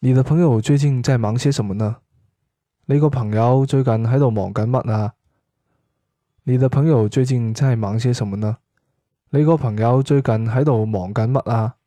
你的朋友最近在忙些什麼呢？你個朋友最近喺度忙緊乜啊？你的朋友最近真在忙些什麼呢？你個朋友最近喺度忙緊乜啊？